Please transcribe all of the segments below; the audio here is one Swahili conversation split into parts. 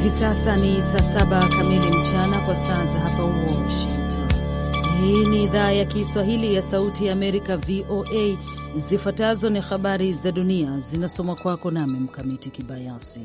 Hivi sasa ni saa saba kamili mchana kwa saa za hapa Washington. Hii ni idhaa ya Kiswahili ya Sauti ya Amerika, VOA. Zifuatazo ni habari za dunia, zinasoma kwako nami Mkamiti Kibayasi.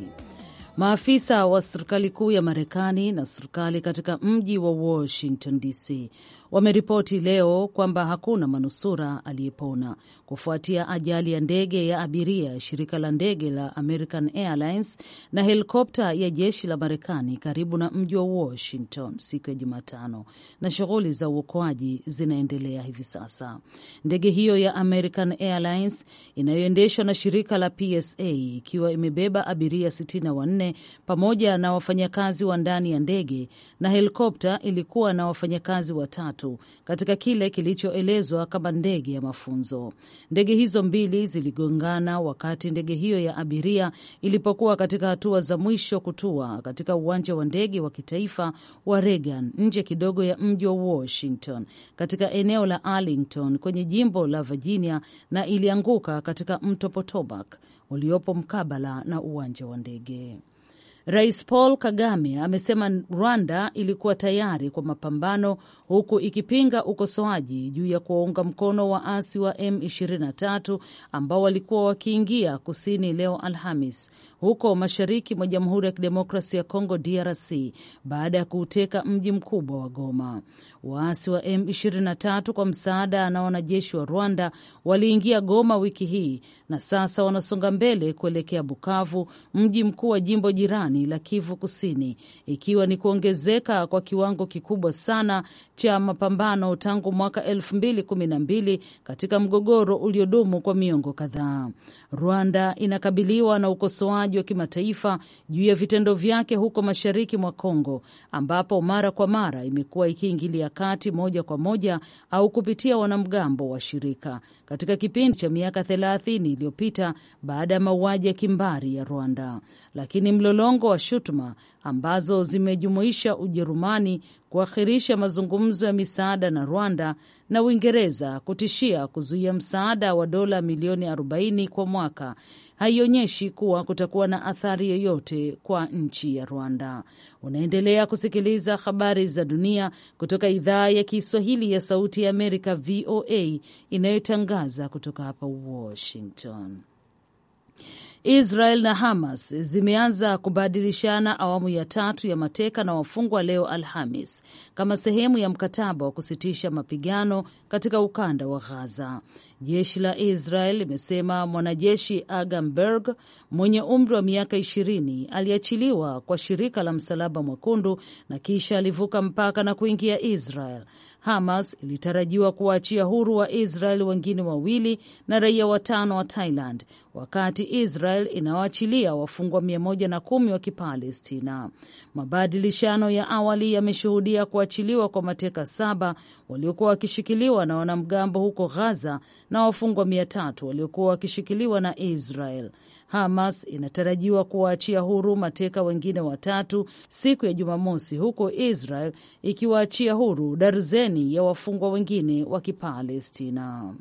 Maafisa wa serikali kuu ya Marekani na serikali katika mji wa Washington DC wameripoti leo kwamba hakuna manusura aliyepona kufuatia ajali ya ndege ya abiria ya shirika la ndege la American Airlines na helikopta ya jeshi la Marekani karibu na mji wa Washington siku ya Jumatano, na shughuli za uokoaji zinaendelea hivi sasa. Ndege hiyo ya American Airlines inayoendeshwa na shirika la PSA ikiwa imebeba abiria 64 pamoja na wafanyakazi wa ndani ya ndege, na helikopta ilikuwa na wafanyakazi watatu tatu katika kile kilichoelezwa kama ndege ya mafunzo. Ndege hizo mbili ziligongana wakati ndege hiyo ya abiria ilipokuwa katika hatua za mwisho kutua katika uwanja wa ndege wa kitaifa wa Reagan nje kidogo ya mji wa Washington katika eneo la Arlington kwenye jimbo la Virginia na ilianguka katika mto Potomac uliopo mkabala na uwanja wa ndege. Rais Paul Kagame amesema Rwanda ilikuwa tayari kwa mapambano huku ikipinga ukosoaji juu ya kuwaunga mkono waasi wa M23 ambao walikuwa wakiingia kusini leo Alhamis huko mashariki mwa Jamhuri ya Kidemokrasia ya Kongo DRC baada ya kuuteka mji mkubwa wa Goma. Waasi wa M23 kwa msaada na wanajeshi wa Rwanda waliingia Goma wiki hii na sasa wanasonga mbele kuelekea Bukavu, mji mkuu wa jimbo jirani pwani la Kivu Kusini, ikiwa ni kuongezeka kwa kiwango kikubwa sana cha mapambano tangu mwaka 2012 katika mgogoro uliodumu kwa miongo kadhaa. Rwanda inakabiliwa na ukosoaji wa kimataifa juu ya vitendo vyake huko mashariki mwa Kongo, ambapo mara kwa mara imekuwa ikiingilia kati moja kwa moja au kupitia wanamgambo wa shirika katika kipindi cha miaka 30 iliyopita baada ya mauaji ya kimbari ya Rwanda, lakini mlolongo mlolongo wa shutuma ambazo zimejumuisha Ujerumani kuakhirisha mazungumzo ya misaada na Rwanda na Uingereza kutishia kuzuia msaada wa dola milioni 40 kwa mwaka haionyeshi kuwa kutakuwa na athari yoyote kwa nchi ya Rwanda. Unaendelea kusikiliza habari za dunia kutoka idhaa ya Kiswahili ya Sauti ya Amerika, VOA, inayotangaza kutoka hapa Washington. Israel na Hamas zimeanza kubadilishana awamu ya tatu ya mateka na wafungwa leo Alhamis kama sehemu ya mkataba wa kusitisha mapigano katika ukanda wa Ghaza. Jeshi la Israel limesema mwanajeshi Agamberg mwenye umri wa miaka ishirini aliachiliwa kwa shirika la Msalaba Mwekundu na kisha alivuka mpaka na kuingia Israel. Hamas ilitarajiwa kuwaachia huru wa Israel wengine wawili na raia watano wa Thailand, wakati Israel inawaachilia wafungwa mia moja na kumi wa Kipalestina. Mabadilishano ya awali yameshuhudia kuachiliwa kwa mateka saba waliokuwa wakishikiliwa na wanamgambo huko Ghaza na wafungwa mia tatu waliokuwa wakishikiliwa na Israel. Hamas inatarajiwa kuwaachia huru mateka wengine watatu siku ya Jumamosi, huku Israel ikiwaachia huru darzeni ya wafungwa wengine wa Kipalestina.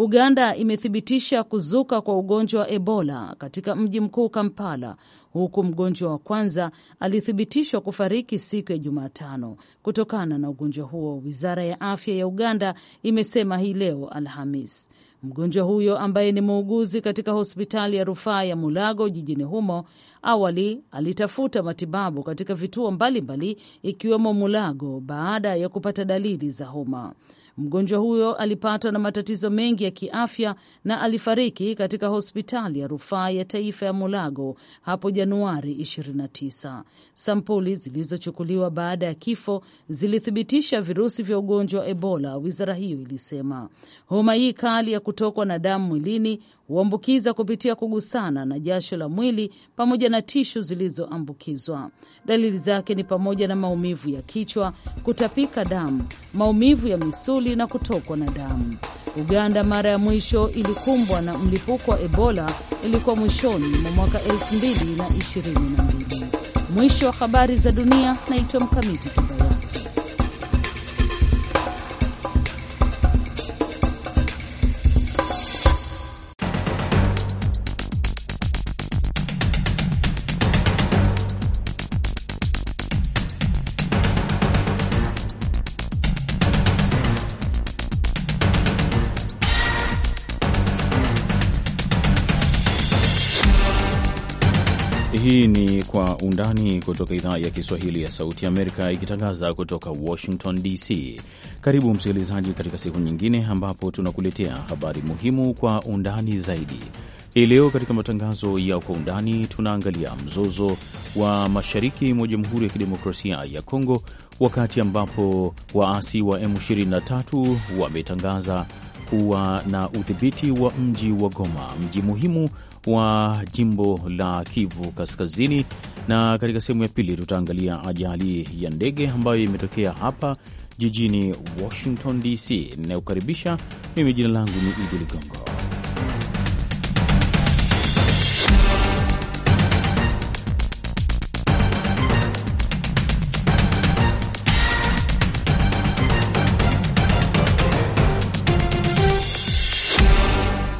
Uganda imethibitisha kuzuka kwa ugonjwa wa Ebola katika mji mkuu Kampala, huku mgonjwa wa kwanza alithibitishwa kufariki siku ya Jumatano kutokana na ugonjwa huo, wizara ya afya ya Uganda imesema hii leo Alhamis. Mgonjwa huyo ambaye ni muuguzi katika hospitali ya rufaa ya Mulago jijini humo, awali alitafuta matibabu katika vituo mbalimbali ikiwemo Mulago baada ya kupata dalili za homa. Mgonjwa huyo alipatwa na matatizo mengi ya kiafya na alifariki katika hospitali ya rufaa ya taifa ya Mulago hapo Januari 29. Sampuli zilizochukuliwa baada ya kifo zilithibitisha virusi vya ugonjwa wa Ebola, wizara hiyo ilisema. Homa hii kali ya kutokwa na damu mwilini huambukiza kupitia kugusana na jasho la mwili pamoja na tishu zilizoambukizwa. Dalili zake ni pamoja na maumivu ya kichwa, kutapika damu, maumivu ya misuli na kutokwa na damu. Uganda mara ya mwisho ilikumbwa na mlipuko wa Ebola ilikuwa mwishoni mwa mwaka 2022. Mwisho wa habari za dunia. Naitwa Mkamiti Kibayasi. undani kutoka idhaa ya Kiswahili ya Sauti Amerika ikitangaza kutoka Washington DC. Karibu msikilizaji, katika siku nyingine ambapo tunakuletea habari muhimu kwa undani zaidi. Hii leo katika matangazo ya kwa undani tunaangalia mzozo wa mashariki mwa Jamhuri ya Kidemokrasia ya Kongo, wakati ambapo waasi wa M23 wametangaza kuwa na udhibiti wa mji wa Goma, mji muhimu wa jimbo la Kivu Kaskazini, na katika sehemu ya pili tutaangalia ajali ya ndege ambayo imetokea hapa jijini Washington DC. Ninayokaribisha mimi, jina langu ni Idi Ligongo.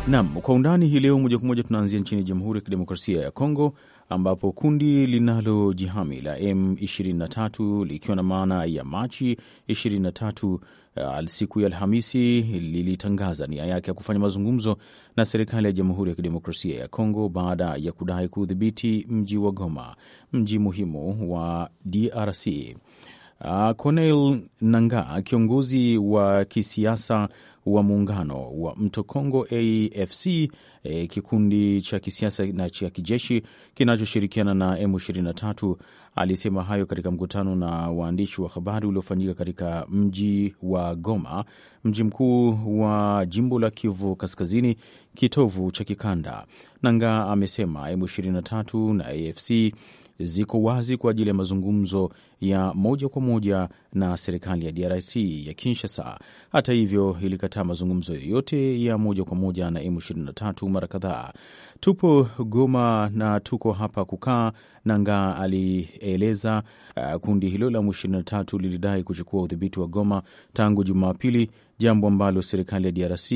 Nam kwa undani hii leo, moja kwa moja tunaanzia nchini Jamhuri ya Kidemokrasia ya Kongo ambapo kundi linalojihami la M23 likiwa na maana ya Machi 23 uh, siku ya Alhamisi lilitangaza nia yake ya kufanya mazungumzo na serikali ya Jamhuri ya Kidemokrasia ya Kongo baada ya kudai kudhibiti mji wa Goma, mji muhimu wa DRC. Uh, Corneille Nangaa, kiongozi wa kisiasa wa muungano wa mto Kongo AFC, e, kikundi cha kisiasa na cha kijeshi kinachoshirikiana na M23. Alisema hayo katika mkutano na waandishi wa habari uliofanyika katika mji wa Goma, mji mkuu wa jimbo la Kivu Kaskazini, kitovu cha kikanda. nanga amesema M23 na AFC ziko wazi kwa ajili ya mazungumzo ya moja kwa moja na serikali ya DRC ya Kinshasa. Hata hivyo, ilikataa mazungumzo yoyote ya moja kwa moja na M23 mara kadhaa. Tupo Goma na tuko hapa kukaa Nangaa alieleza. Uh, kundi hilo la M23 lilidai kuchukua udhibiti wa Goma tangu Jumapili, jambo ambalo serikali ya DRC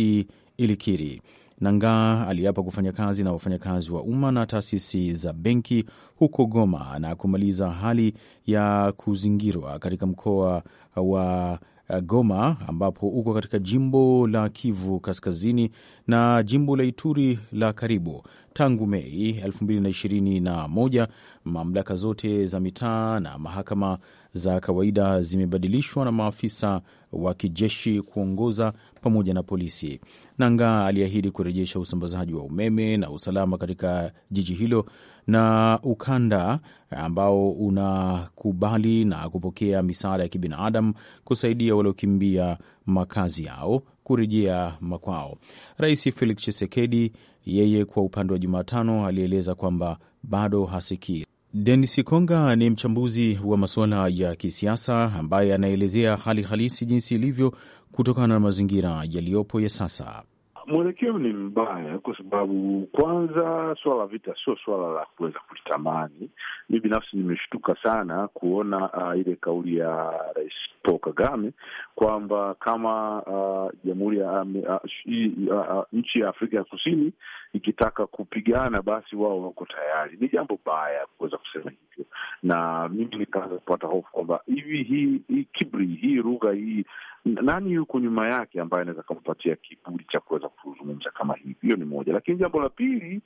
ilikiri. Nangaa aliapa kufanya kazi na wafanyakazi wa umma na taasisi za benki huko Goma na kumaliza hali ya kuzingirwa katika mkoa wa eh, Goma ambapo uko katika jimbo la Kivu Kaskazini na jimbo la Ituri la karibu. Tangu Mei 2021 mamlaka zote za mitaa na mahakama za kawaida zimebadilishwa na maafisa wa kijeshi kuongoza pamoja na polisi. Nangaa aliahidi kurejesha usambazaji wa umeme na usalama katika jiji hilo na ukanda ambao unakubali na kupokea misaada ya kibinadamu kusaidia waliokimbia makazi yao kurejea makwao. Rais Felix Tshisekedi yeye kwa upande wa Jumatano alieleza kwamba bado hasikii. Denis Konga ni mchambuzi wa masuala ya kisiasa ambaye anaelezea hali halisi jinsi ilivyo kutokana na mazingira yaliyopo ya sasa? Mwelekeo ni mbaya, kwa sababu kwanza, swala la vita sio swala la kuweza kulitamani. Mi binafsi nimeshtuka sana kuona uh, ile kauli ya Rais Paul Kagame kwamba kama uh, jamhuri uh, ya uh, uh, nchi ya Afrika ya Kusini ikitaka kupigana, basi wao wako tayari. Ni jambo baya kuweza kusema hivyo, na mimi nikaanza kupata hofu kwamba hivi hii hii kibri hii lugha hii, nani yuko nyuma yake ambaye anaweza akampatia kiburi cha kuweza kuzungumza kama hivi? Hiyo ni moja, lakini jambo la pili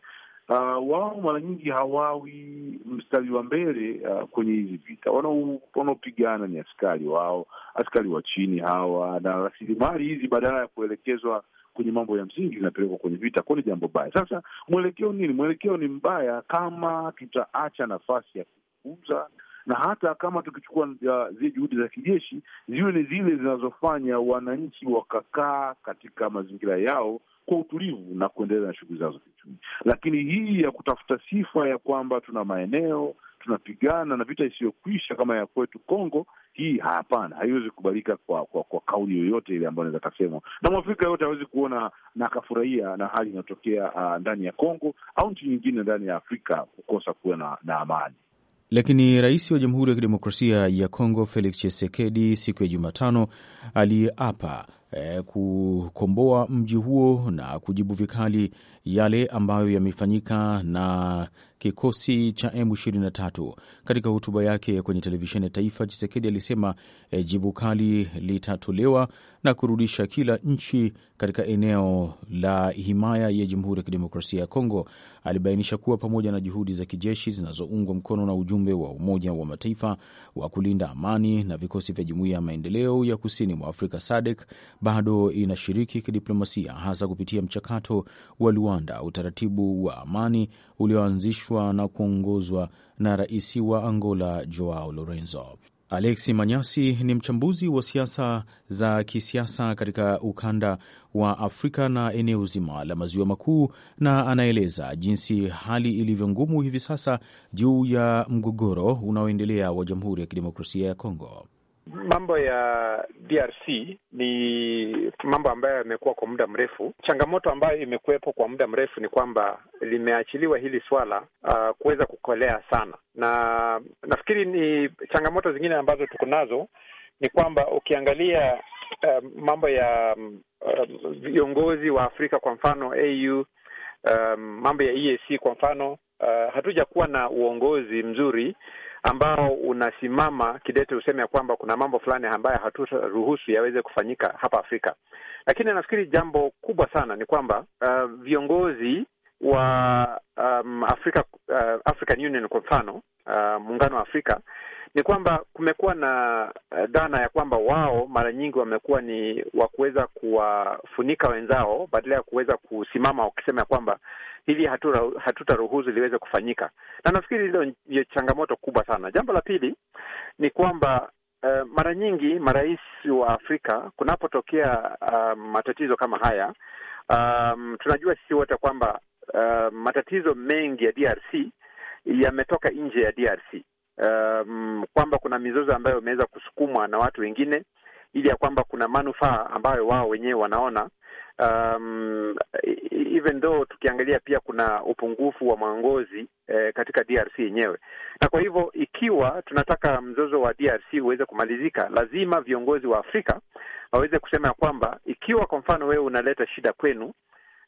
Uh, wao mara nyingi hawawi mstari wa mbele uh, kwenye hizi vita. Wanaopigana ni askari wao, askari wa chini hawa, na rasilimali hizi badala ya kuelekezwa kwenye mambo ya msingi zinapelekwa kwenye vita, kwao ni jambo baya. Sasa mwelekeo nini? Mwelekeo ni mbaya kama tutaacha nafasi ya kuzungumza na hata kama tukichukua zile juhudi za kijeshi ziwe ni zile zinazofanya wananchi wakakaa katika mazingira yao kwa utulivu na kuendelea na shughuli zao za kiuchumi. Lakini hii ya kutafuta sifa ya kwamba tuna maeneo tunapigana na vita isiyokwisha kama ya kwetu Kongo. Hii hapana, haiwezi kukubalika kwa, kwa, kwa kauli yoyote ile ambayo inaweza kasemwa na mwafrika yoyote. Hawezi kuona na akafurahia na hali inayotokea uh, ndani ya Kongo au nchi nyingine ndani ya Afrika kukosa kuwa na, na amani. Lakini rais wa Jamhuri ya Kidemokrasia ya Kongo Felix Tshisekedi siku ya Jumatano aliyeapa eh, kukomboa mji huo na kujibu vikali yale ambayo yamefanyika na kikosi cha M23. Katika hotuba yake kwenye televisheni ya taifa, Chisekedi alisema eh, jibu kali litatolewa na kurudisha kila nchi katika eneo la himaya ya Jamhuri ya Kidemokrasia ya Kongo. Alibainisha kuwa pamoja na juhudi za kijeshi zinazoungwa mkono na ujumbe wa Umoja wa Mataifa wa kulinda amani na vikosi vya Jumuiya ya Maendeleo ya Kusini mwa Afrika SADC bado inashiriki kidiplomasia, hasa kupitia mchakato wa Luanda, utaratibu wa amani ulioanzishwa na kuongozwa na rais wa Angola Joao Lorenzo. Alexi Manyasi ni mchambuzi wa siasa za kisiasa katika ukanda wa Afrika na eneo zima la maziwa makuu, na anaeleza jinsi hali ilivyo ngumu hivi sasa juu ya mgogoro unaoendelea wa Jamhuri ya Kidemokrasia ya Kongo. Mambo ya DRC ni mambo ambayo yamekuwa kwa muda mrefu. Changamoto ambayo imekuwepo kwa muda mrefu ni kwamba limeachiliwa hili swala uh, kuweza kukolea sana, na nafikiri ni changamoto zingine ambazo tuko nazo ni kwamba ukiangalia uh, mambo ya uh, viongozi wa Afrika kwa mfano AU um, mambo ya EAC kwa mfano uh, hatujakuwa na uongozi mzuri ambao unasimama kidete useme ya kwamba kuna mambo fulani ambayo hatutaruhusu yaweze kufanyika hapa Afrika. Lakini nafikiri jambo kubwa sana ni kwamba uh, viongozi wa um, Afrika, uh, African Union kwa mfano uh, muungano wa Afrika ni kwamba kumekuwa na uh, dhana ya kwamba wao mara nyingi wamekuwa ni wa kuweza kuwafunika wenzao badala ya kuweza kusimama wakisema ya kwamba hili hatutaruhusu liweze kufanyika, na nafikiri hilo ndio changamoto kubwa sana. Jambo la pili ni kwamba uh, mara nyingi marais wa Afrika kunapotokea uh, matatizo kama haya um, tunajua sisi wote kwamba uh, matatizo mengi ya DRC yametoka nje ya DRC. Um, kwamba kuna mizozo ambayo imeweza kusukumwa na watu wengine ili ya kwamba kuna manufaa ambayo wao wenyewe wanaona. Um, even though tukiangalia pia kuna upungufu wa mwongozi eh, katika DRC yenyewe, na kwa hivyo ikiwa tunataka mzozo wa DRC uweze kumalizika, lazima viongozi wa Afrika waweze kusema ya kwamba ikiwa kwa mfano wewe unaleta shida kwenu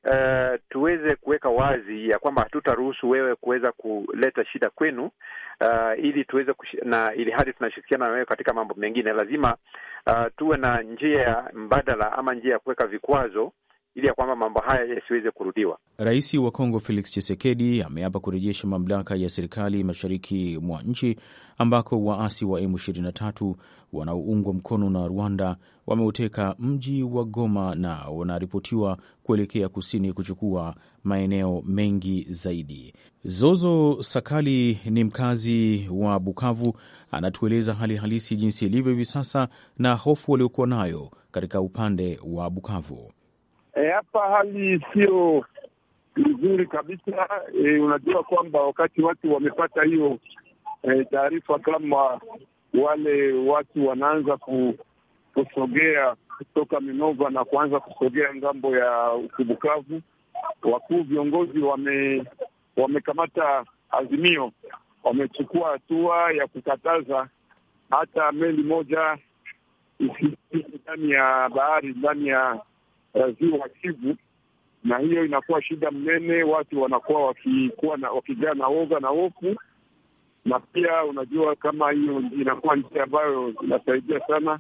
uh, tuweze kuweka wazi ya kwamba hatutaruhusu wewe kuweza kuleta shida kwenu, uh, ili tuweze na ili hadi tunashirikiana na wewe katika mambo mengine, lazima uh, tuwe na njia ya mbadala ama njia ya kuweka vikwazo ili ya kwamba mambo haya yasiweze kurudiwa. Rais wa Kongo Felix Tshisekedi ameapa kurejesha mamlaka ya serikali mashariki mwa nchi ambako waasi wa M23 wanaoungwa mkono na Rwanda wameuteka mji wa Goma na wanaripotiwa kuelekea kusini kuchukua maeneo mengi zaidi. Zozo Sakali ni mkazi wa Bukavu, anatueleza hali halisi jinsi ilivyo hivi sasa na hofu waliokuwa nayo katika upande wa Bukavu. E, hapa e, hali siyo nzuri kabisa. E, unajua kwamba wakati watu wamepata hiyo e, taarifa kama wale watu wanaanza ku, kusogea kutoka Minova na kuanza kusogea ngambo ya Kibukavu. Wakuu viongozi wame, wamekamata azimio, wamechukua hatua ya kukataza hata meli moja isiingie ndani ya bahari ndani ya ziwa Kivu, na hiyo inakuwa shida mnene, watu wanakuwa wakikuwa na, wakijaa na woga na hofu na pia unajua kama hiyo inakuwa njia ambayo inasaidia sana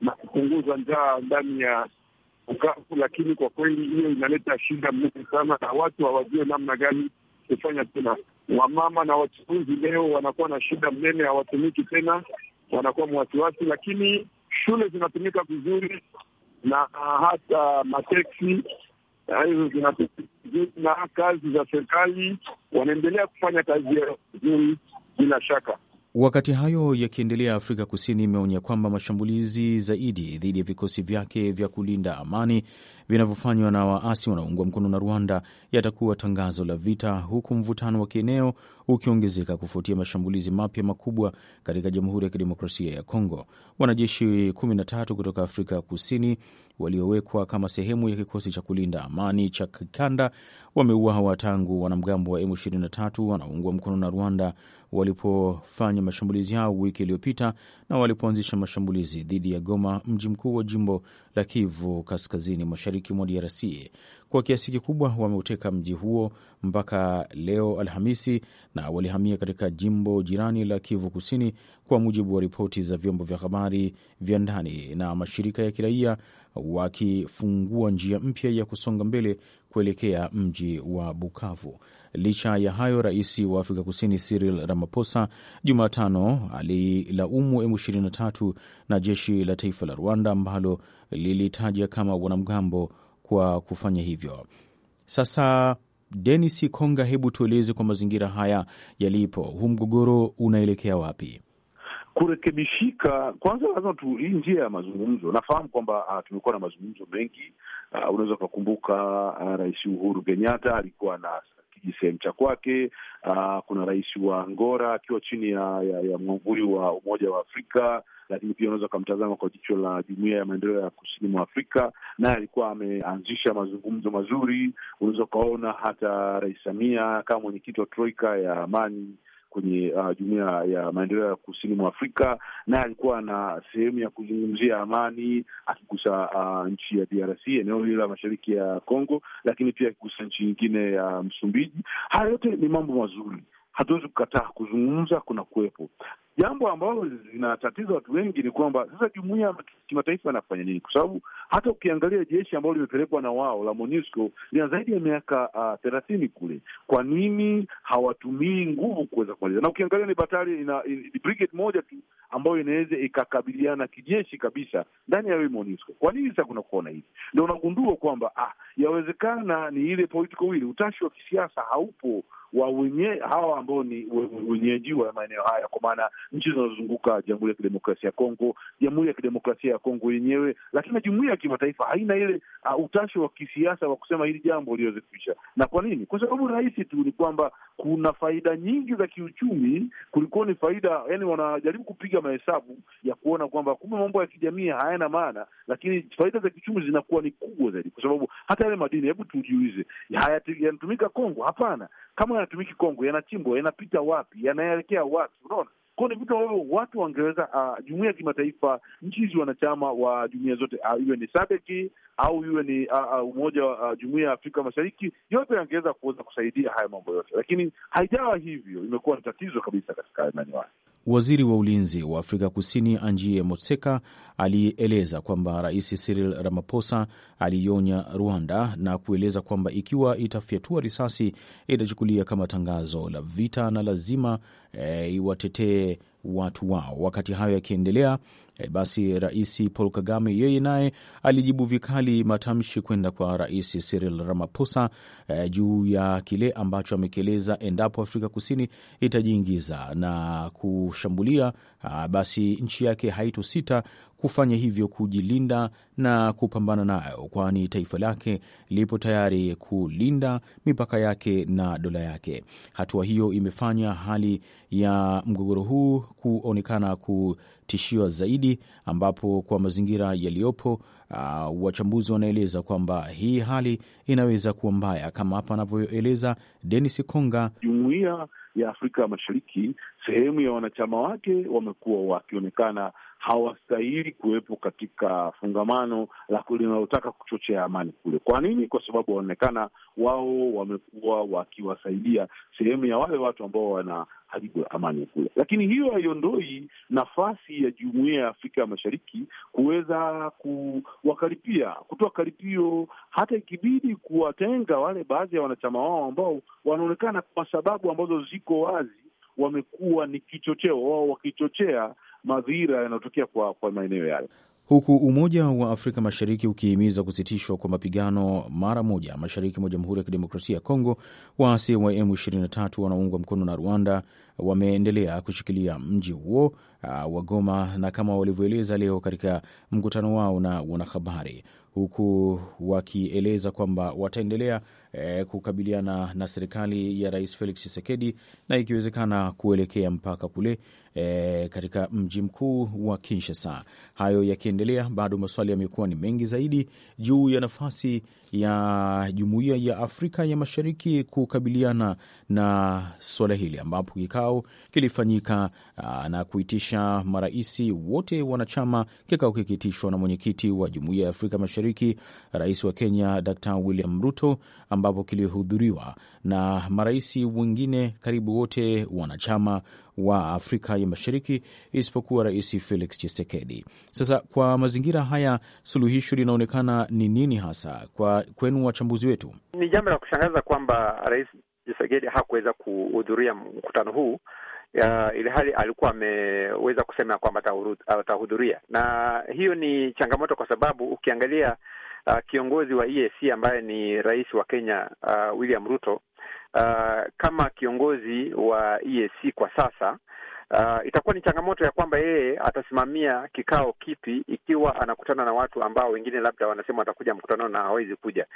na kupunguza njaa ndani ya ukavu, lakini kwa kweli hiyo inaleta shida mingi sana, na watu hawajue namna gani kufanya tena. Wamama na wachuuzi leo wanakuwa na shida mnene, hawatumiki tena, wanakuwa mwasiwasi, lakini shule zinatumika vizuri na hata mateksi hizo zinatumika vizuri, na kazi za serikali wanaendelea kufanya kazi yao vizuri bila shaka. Wakati hayo yakiendelea, Afrika Kusini imeonya kwamba mashambulizi zaidi dhidi ya vikosi vyake vya kulinda amani vinavyofanywa na waasi wanaoungwa mkono na Rwanda yatakuwa tangazo la vita, huku mvutano wa kieneo ukiongezeka kufuatia mashambulizi mapya makubwa katika Jamhuri ya Kidemokrasia ya Kongo. Wanajeshi 13 kutoka Afrika Kusini waliowekwa kama sehemu ya kikosi cha kulinda amani cha kikanda wameuawa tangu wanamgambo wa M23 wanaoungwa mkono na Rwanda walipofanya mashambulizi yao wiki iliyopita na walipoanzisha mashambulizi dhidi ya Goma, mji mkuu wa jimbo la Kivu kaskazini mashariki mwa DRC. Kwa kiasi kikubwa wameuteka mji huo mpaka leo Alhamisi, na walihamia katika jimbo jirani la Kivu kusini, kwa mujibu wa ripoti za vyombo vya habari vya ndani na mashirika ya kiraia, wakifungua njia mpya ya kusonga mbele kuelekea mji wa Bukavu. Licha ya hayo, rais wa Afrika Kusini Cyril Ramaphosa Jumatano alilaumu M23 na jeshi la taifa la Rwanda ambalo lilitaja kama wanamgambo kwa kufanya hivyo. Sasa Denis Konga, hebu tueleze kwa mazingira haya yalipo, huu mgogoro unaelekea wapi? kurekebishika, kwanza lazima tu hii njia ya mazungumzo. Nafahamu kwamba uh, tumekuwa na mazungumzo mengi uh, unaweza ukakumbuka uh, Rais Uhuru Kenyatta alikuwa na kijisehemu cha kwake. Uh, kuna rais wa ngora akiwa chini ya, ya, ya mwamvuli wa Umoja wa Afrika lakini pia unaweza ukamtazama kwa jicho la jumuia ya maendeleo ya kusini mwa Afrika, naye alikuwa ameanzisha mazungumzo mazuri. Unaweza ukaona hata Rais Samia kama mwenyekiti wa troika ya amani kwenye uh, jumuiya ya maendeleo ya kusini mwa Afrika, naye alikuwa na sehemu ya kuzungumzia amani, akigusa uh, nchi ya DRC, eneo hili la mashariki ya Congo, lakini pia akigusa nchi nyingine ya Msumbiji. Haya yote ni mambo mazuri, hatuwezi kukataa, kuzungumza kuna kuwepo, Jambo ambalo linatatiza watu wengi ni kwamba sasa jumuia ya kimataifa anafanya nini? Kwa sababu hata ukiangalia jeshi ambalo limepelekwa na wao la MONUSCO lina zaidi ya miaka uh, thelathini kule. Kwa nini hawatumii nguvu kuweza kumaliza? Na ukiangalia ni batari ina, brigade moja tu ambayo inaweza ikakabiliana kijeshi kabisa ndani ya MONUSCO. Kwa nini sasa kuna kuona hivi? ndo unagundua kwamba ah, yawezekana ni ile political will, utashi wa kisiasa haupo wa wenye hawa ambao ni wenyeji wa maeneo haya kwa maana nchi zinazozunguka Jamhuri ya Kidemokrasia ya Kongo, Jamhuri ya Kidemokrasia ya Kongo yenyewe. Lakini jumuia ya kimataifa haina ile uh, utashi wa kisiasa wa kusema hili jambo liweze kuisha. Na kwa nini? Kwa sababu rahisi tu ni kwamba kuna faida nyingi za kiuchumi kuliko ni faida, yani wanajaribu kupiga mahesabu ya kuona kwamba kumbe mambo ya kijamii hayana maana, lakini faida za kiuchumi zinakuwa ni kubwa zaidi, kwa sababu hata yale madini, hebu tujiulize, yanatumika Kongo? Hapana. Kama yanatumiki Kongo, yanachimbwa, yanapita wapi? Yanaelekea wapi? Unaona, kwao ni vitu ambavyo watu wangeweza uh, ah, jumuia ya kimataifa, nchi hizi wanachama wa jumuia zote uh, iwe ni sadeki au iwe ni uh, uh, umoja wa uh, jumuia ya Afrika Mashariki, yote yangeweza kuweza kusaidia haya mambo yote, lakini haijawa hivyo. Imekuwa ni tatizo kabisa katika imani wake. Waziri wa ulinzi wa Afrika Kusini Angie Motseka alieleza kwamba Rais Cyril Ramaphosa alionya Rwanda na kueleza kwamba ikiwa itafyatua risasi itachukulia kama tangazo la vita na lazima eh, iwatetee watu wao. Wakati hayo yakiendelea, e, basi Rais Paul Kagame yeye naye alijibu vikali matamshi kwenda kwa Rais Cyril Ramaphosa e, juu ya kile ambacho amekieleza endapo Afrika Kusini itajiingiza na kushambulia a, ah, basi nchi yake haitosita kufanya hivyo kujilinda na kupambana nayo, kwani taifa lake lipo tayari kulinda mipaka yake na dola yake. Hatua hiyo imefanya hali ya mgogoro huu kuonekana kutishiwa zaidi, ambapo kwa mazingira yaliyopo, uh, wachambuzi wanaeleza kwamba hii hali inaweza kuwa mbaya, kama hapa anavyoeleza Denis Konga. Jumuiya ya Afrika Mashariki, sehemu ya wanachama wake wamekuwa wakionekana hawastahili kuwepo katika fungamano la linalotaka kuchochea amani kule. Kwa nini? Kwa sababu waonekana wao wamekuwa wakiwasaidia sehemu ya wale watu ambao wana haribu amani kule, lakini hiyo haiondoi nafasi ya jumuiya ya Afrika ya Mashariki kuweza kuwakaripia, kutoa karipio, hata ikibidi kuwatenga wale baadhi ya wanachama wao ambao wanaonekana kwa sababu ambazo ziko wazi wamekuwa ni kichocheo wao wakichochea madhira yanayotokea kwa, kwa maeneo yale huku Umoja wa Afrika Mashariki ukihimiza kusitishwa kwa mapigano mara moja mashariki mwa Jamhuri ya Kidemokrasia ya Kongo, waasi wa M23 wanaoungwa mkono na Rwanda wameendelea kushikilia mji huo ah, wa Goma, na kama walivyoeleza leo katika mkutano wao na wanahabari, huku wakieleza kwamba wataendelea eh, kukabiliana na serikali ya Rais Felix chisekedi na ikiwezekana kuelekea mpaka kule eh, katika mji mkuu wa Kinshasa. Hayo yakiendelea, bado maswali yamekuwa ni mengi zaidi juu ya nafasi ya Jumuiya ya Afrika ya Mashariki kukabiliana na suala hili, ambapo kikao kilifanyika ah, na kuitisha maraisi wote wanachama. Kikao kikiitishwa na mwenyekiti wa Jumuiya ya Afrika Mashariki, Rais wa Kenya Dr William Ruto, ambapo kilihudhuriwa na marais wengine karibu wote wanachama wa Afrika ya Mashariki isipokuwa Rais Felix Tshisekedi. Sasa kwa mazingira haya, suluhisho linaonekana ni nini hasa kwa kwenu wachambuzi wetu? Ni jambo la kushangaza kwamba Rais Tshisekedi hakuweza kuhudhuria mkutano huu Uh, ili hali alikuwa ameweza kusema kwamba atahudhuria, na hiyo ni changamoto kwa sababu ukiangalia uh, kiongozi wa EAC ambaye ni rais wa Kenya uh, William Ruto uh, kama kiongozi wa EAC kwa sasa uh, itakuwa ni changamoto ya kwamba yeye atasimamia kikao kipi ikiwa anakutana na watu ambao wengine labda wanasema watakuja mkutano na hawezi kuja.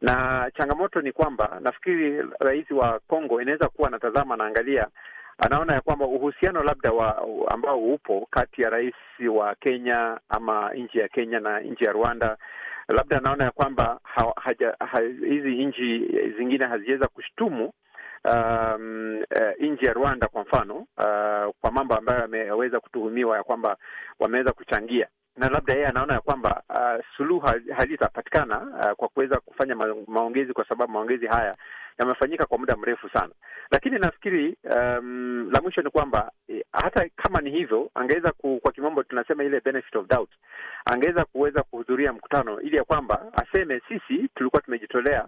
Na changamoto ni kwamba nafikiri rais wa Kongo inaweza kuwa anatazama, anaangalia anaona ya kwamba uhusiano labda wa ambao upo kati ya rais wa Kenya ama nchi ya Kenya na nchi ya Rwanda labda anaona ya kwamba hizi nchi zingine haziweza kushtumu Um, uh, nchi ya Rwanda kwa mfano uh, kwa mambo ambayo yameweza kutuhumiwa ya kwamba wameweza kuchangia, na labda yeye anaona ya kwamba uh, suluhu halitapatikana uh, kwa kuweza kufanya maongezi, kwa sababu maongezi haya yamefanyika kwa muda mrefu sana, lakini nafikiri um, la mwisho ni kwamba eh, hata kama ni hivyo, angeweza kwa kimombo tunasema ile benefit of doubt, angeweza kuweza kuhudhuria mkutano ili ya kwamba aseme sisi tulikuwa tumejitolea,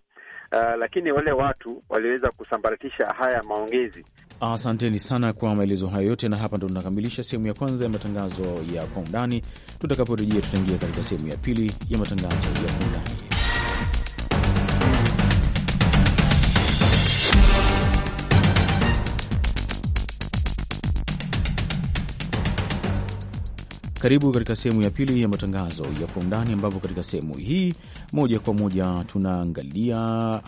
uh, lakini wale watu waliweza kusambaratisha haya maongezi. Asanteni sana kwa maelezo hayo yote, na hapa ndo tunakamilisha sehemu ya kwanza ya matangazo ya kwa undani. Tutakaporejea tutaingia katika sehemu ya pili ya matangazo ya kwa undani. Karibu katika sehemu ya pili ya matangazo ya kwa undani, ambapo katika sehemu hii moja kwa moja tunaangalia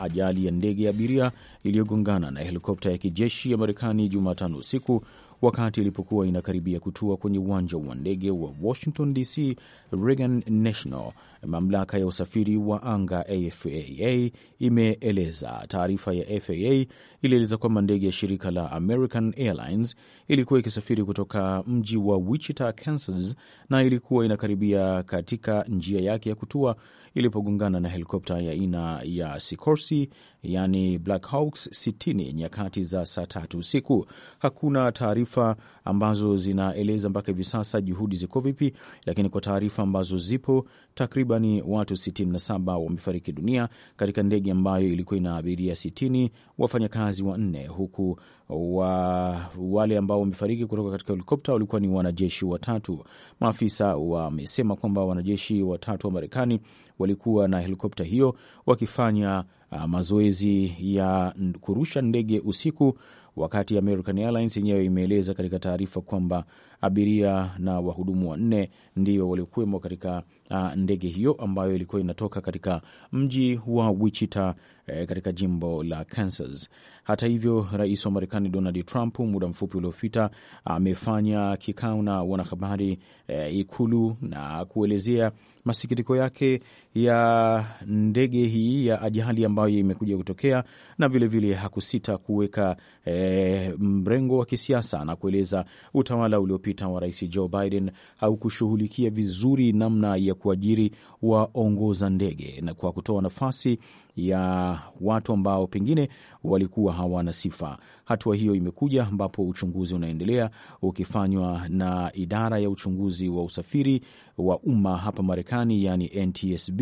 ajali ya ndege ya abiria iliyogongana na helikopta ya kijeshi ya Marekani Jumatano usiku wakati ilipokuwa inakaribia kutua kwenye uwanja wa ndege wa Washington DC Reagan National. Mamlaka ya usafiri wa anga FAA imeeleza taarifa ya FAA ilieleza kwamba ndege ya shirika la American Airlines ilikuwa ikisafiri kutoka mji wa Wichita, Kansas, na ilikuwa inakaribia katika njia yake ya kutua ilipogongana na helikopta ya aina ya Sikorsi, yani Black Hawks 60 nyakati za saa tatu usiku. Hakuna taarifa ambazo zinaeleza mpaka hivi sasa juhudi ziko vipi, lakini kwa taarifa ambazo zipo, takribani watu 67 wamefariki dunia katika ndege ambayo ilikuwa ina abiria 60 wafanyakazi wafanyakazi wanne, huku wa wale ambao wamefariki kutoka katika helikopta walikuwa ni wanajeshi watatu. Maafisa wamesema kwamba wanajeshi watatu wa Marekani walikuwa na helikopta hiyo wakifanya uh, mazoezi ya kurusha ndege usiku, wakati American Airlines yenyewe imeeleza katika taarifa kwamba abiria na wahudumu wanne ndio waliokuwemo katika uh, ndege hiyo ambayo ilikuwa inatoka katika mji wa Wichita Eh, katika jimbo la Kansas. Hata hivyo, rais wa Marekani Donald Trump muda mfupi uliopita amefanya kikao na wanahabari e, Ikulu na kuelezea masikitiko yake ya ndege hii ya ajali ambayo imekuja kutokea, na vilevile vile hakusita kuweka e, mrengo wa kisiasa na kueleza utawala uliopita wa rais Joe Biden haukushughulikia vizuri namna ya kuajiri waongoza ndege na kwa kutoa nafasi ya watu ambao pengine walikuwa hawana sifa. Hatua hiyo imekuja ambapo uchunguzi unaendelea ukifanywa na idara ya uchunguzi wa usafiri wa umma hapa Marekani, yani NTSB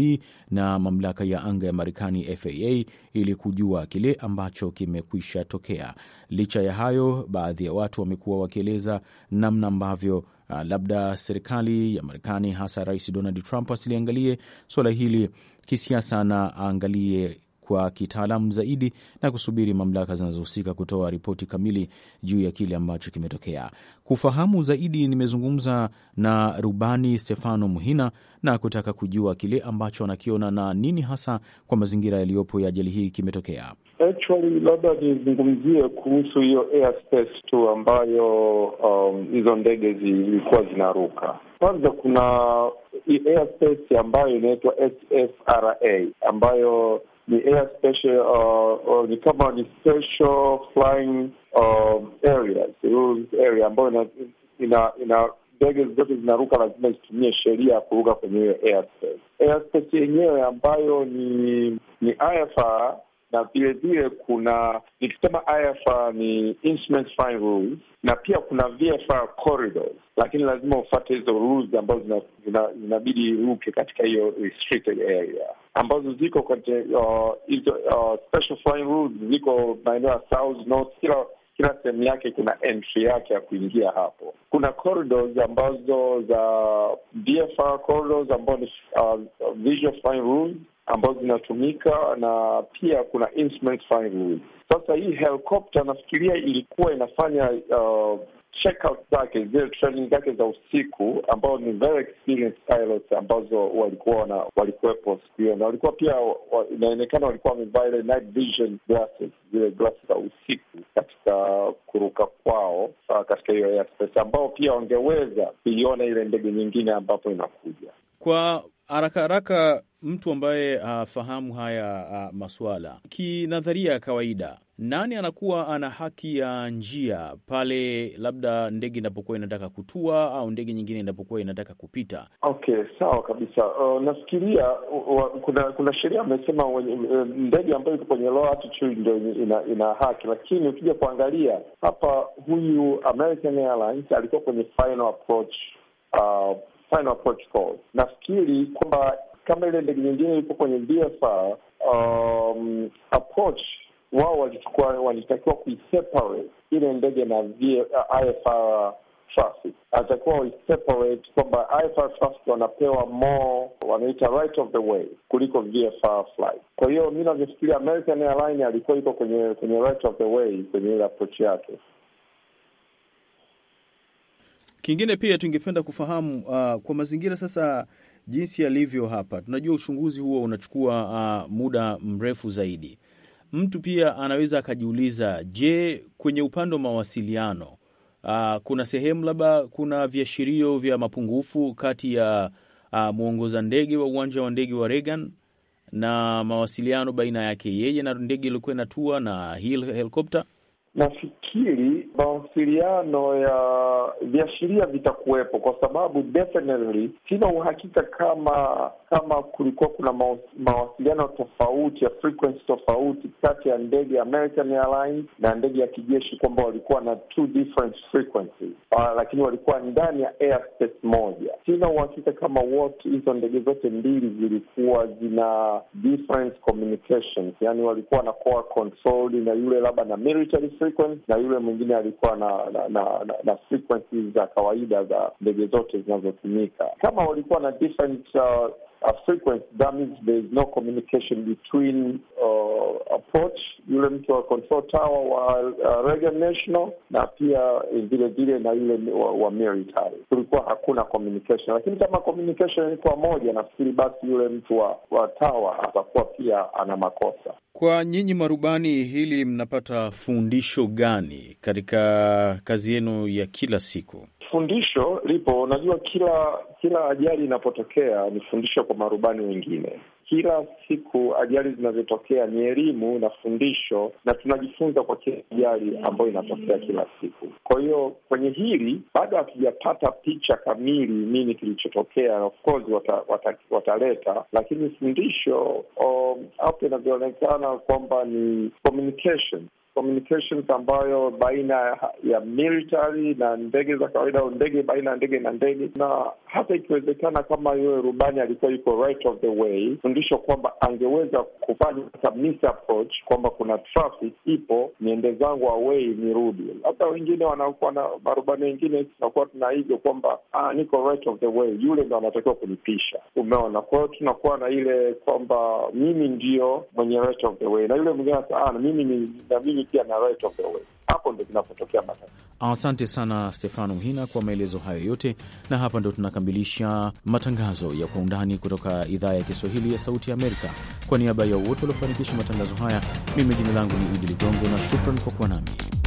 na mamlaka ya anga ya Marekani FAA, ili kujua kile ambacho kimekwisha tokea. Licha ya hayo, baadhi ya watu wamekuwa wakieleza namna ambavyo uh, labda serikali ya Marekani hasa Rais Donald Trump asiliangalie suala hili kisiasa na aangalie kwa kitaalamu zaidi na kusubiri mamlaka zinazohusika kutoa ripoti kamili juu ya kile ambacho kimetokea. Kufahamu zaidi, nimezungumza na Rubani Stefano Muhina na kutaka kujua kile ambacho anakiona na nini hasa kwa mazingira yaliyopo ya ajali hii kimetokea. Actually, labda nizungumzie kuhusu hiyo airspace tu ambayo um, hizo um, ndege zilikuwa zinaruka. Kwanza kuna airspace ambayo inaitwa SFRA ambayo the air special, uh, or the kama the special flying um, the rules area ambayo ina ina, ina ndege zote zinaruka lazima zitumie sheria ya kuruka kwenye hiyo airspace. Airspace yenyewe ambayo ni ni IFR na vile vile kuna nikisema IFR ni instruments flying rules, na pia kuna VFR corridors, lakini lazima ufuate hizo rules ambazo zinabidi ruke katika hiyo restricted area ambazo ziko katika uh, hizo uh, special flying routes ziko maeneo ya south north, kila kila sehemu yake kuna entry yake ya kuingia hapo. Kuna corridors ambazo za VFR corridors ambazo ni uh, visual flying routes ambazo zinatumika na pia kuna instrument flying routes. Sasa hii helicopter nafikiria ilikuwa inafanya uh, checkout zake zile training zake za usiku, ambao ni very experienced pilots ambazo walikuwa na walikuwepo siku hiyo, na walikuwa pia inaonekana walikuwa wamevaa ile night vision glasses, zile glasi za usiku katika kuruka kwao ah, katika hiyo airspace, ambao pia wangeweza kuiona ile ndege nyingine ambapo inakuja kwa haraka haraka mtu ambaye afahamu uh, haya uh, maswala kinadharia ya kawaida, nani anakuwa ana haki ya njia pale labda ndege inapokuwa inataka kutua au ndege nyingine inapokuwa inataka kupita? Okay, sawa kabisa. Uh, nafikiria uh, kuna kuna sheria amesema uh, ndege ambayo iko kwenye low altitude ndio ina, ina haki, lakini ukija kuangalia hapa, huyu American Airlines alikuwa kwenye final approach uh, final approach call. Nafikiri kwamba kama ile ndege nyingine ilipo kwenye BFR, um, approach wao walichukua, walitakiwa kuiseparate ile ndege na uh, IFR traffic atakuwa separate kwamba IFR traffic wanapewa more wanaita right of the way kuliko VFR flight. Kwa hiyo mi navyofikiria American Airline alikuwa iko kwenye kwenye right of the way kwenye ile approach yake. Kingine pia tungependa kufahamu uh, kwa mazingira sasa jinsi yalivyo hapa. Tunajua uchunguzi huo unachukua uh, muda mrefu zaidi. Mtu pia anaweza akajiuliza, je, kwenye upande wa mawasiliano uh, kuna sehemu labda kuna viashirio vya mapungufu kati ya uh, mwongoza ndege wa uwanja wa ndege wa Reagan na mawasiliano baina yake yeye na ndege ilikuwa inatua na hii helikopta? Nafikiri mawasiliano ya viashiria vitakuwepo, kwa sababu definitely sina uhakika kama kama kulikuwa kuna mawasiliano tofauti ya frequency tofauti kati ya ndege ya American Airlines na ndege ya kijeshi, kwamba walikuwa na two different frequencies uh, lakini walikuwa ndani ya airspace moja. Sina uhakika kama wote hizo ndege zote mbili zilikuwa zina different communications, yani walikuwa na core control na yule labda na military frequency na yule mwingine alikuwa na na, na, na, na frequency za kawaida za ndege zote zinazotumika. Kama walikuwa na different uh, frequency, that means there is no communication between uh, approach yule mtu wa control tower wa uh, Reagan National na pia vilevile eh, na yule wa, wa military, kulikuwa hakuna communication. Lakini kama communication ilikuwa moja, nafikiri basi yule mtu wa, wa tower atakuwa pia ana makosa. Kwa nyinyi marubani, hili mnapata fundisho gani katika kazi yenu ya kila siku? Fundisho lipo, unajua, kila kila ajali inapotokea ni fundisho kwa marubani wengine kila siku ajali zinazotokea ni elimu na fundisho, na tunajifunza kwa kila ajali ambayo inatokea kila siku. Kwa hiyo kwenye hili bado hatujapata picha kamili nini kilichotokea, of course wataleta wata, wata, lakini fundisho hapo um, inavyoonekana kwamba ni communication communications ambayo baina ya military na ndege za kawaida au ndege baina ya ndege na ndege, na hata ikiwezekana, kama yule rubani alikuwa yuko right of the way, fundisho kwamba angeweza kufanya submiss approach kwamba kuna traffic ipo, niende zangu away nirudi. Labda wengine wanakuwa na marubani wengine tunakuwa tuna hivyo kwamba ah, niko right of the way, yule ndo anatakiwa kunipisha. Umeona? Kwa hiyo tunakuwa na ile kwamba mimi ndio mwenye right of the way na yule mwingine ah, mimi, na mimi kushughulikia na right of the way. Hapo ndo kinapotokea matatizo. Asante sana Stefano Mhina kwa maelezo hayo yote, na hapa ndo tunakamilisha matangazo ya Kwa Undani kutoka idhaa ya Kiswahili ya Sauti ya Amerika. Kwa niaba ya wote waliofanikisha matangazo haya, mimi jina langu ni Idi Ligongo na shukran kwa kuwa nami.